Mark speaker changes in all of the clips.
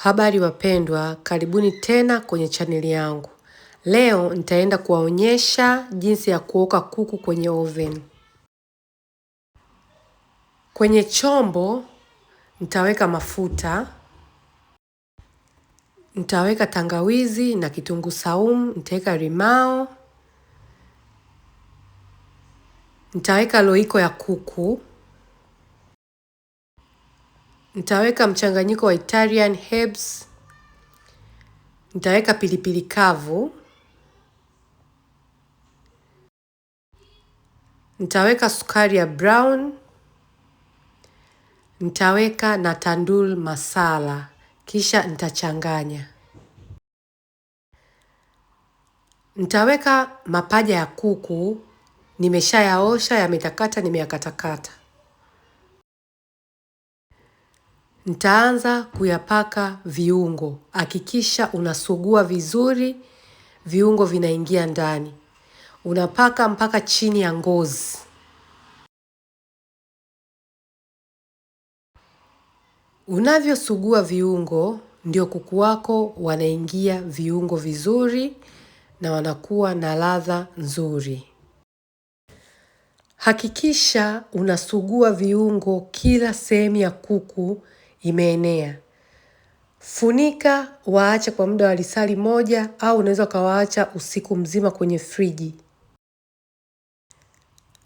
Speaker 1: Habari wapendwa, karibuni tena kwenye chaneli yangu. Leo nitaenda kuwaonyesha jinsi ya kuoka kuku kwenye oven. Kwenye chombo nitaweka mafuta, nitaweka tangawizi na kitunguu saumu, nitaweka limao, nitaweka roiko ya kuku Nitaweka mchanganyiko wa Italian herbs, nitaweka pilipili kavu, nitaweka sukari ya brown, nitaweka na tandul masala, kisha nitachanganya. Nitaweka mapaja ya kuku, nimeshayaosha, yametakata, nimeyakatakata. Nitaanza kuyapaka viungo. Hakikisha unasugua vizuri, viungo vinaingia ndani. Unapaka mpaka chini ya ngozi. Unavyosugua viungo, ndio kuku wako wanaingia viungo vizuri na wanakuwa na ladha nzuri. Hakikisha unasugua viungo kila sehemu ya kuku imeenea. Funika, waache kwa muda wa lisali moja au unaweza ukawaacha usiku mzima kwenye friji.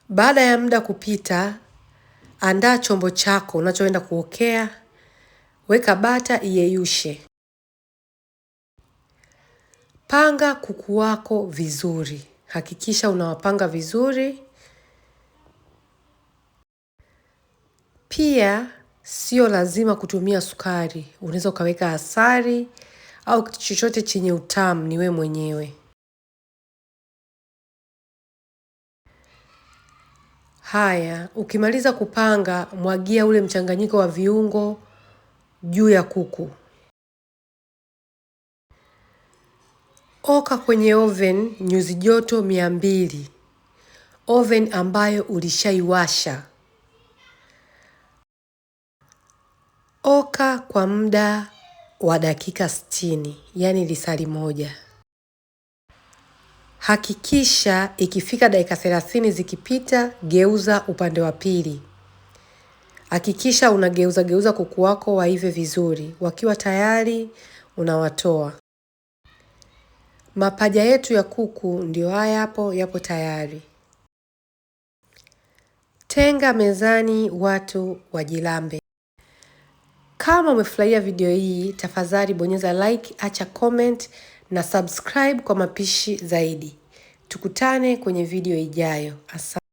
Speaker 1: Baada ya muda kupita, andaa chombo chako unachoenda kuokea, weka bata iyeyushe. Panga kuku wako vizuri, hakikisha unawapanga vizuri. Pia Sio lazima kutumia sukari, unaweza ukaweka asali au kitu chochote chenye utamu, ni wewe mwenyewe. Haya, ukimaliza kupanga, mwagia ule mchanganyiko wa viungo juu ya kuku. Oka kwenye oven nyuzi joto mia mbili, oven ambayo ulishaiwasha. Oka kwa muda wa dakika sitini, yaani lisali moja. Hakikisha ikifika dakika thelathini zikipita, geuza upande wa pili. Hakikisha unageuza geuza kuku wako waive vizuri. Wakiwa tayari unawatoa. Mapaja yetu ya kuku ndio haya hapo, yapo tayari. Tenga mezani watu wajilambe. Kama umefurahia video hii, tafadhali bonyeza like, acha comment na subscribe kwa mapishi zaidi. Tukutane kwenye video ijayo. Asante.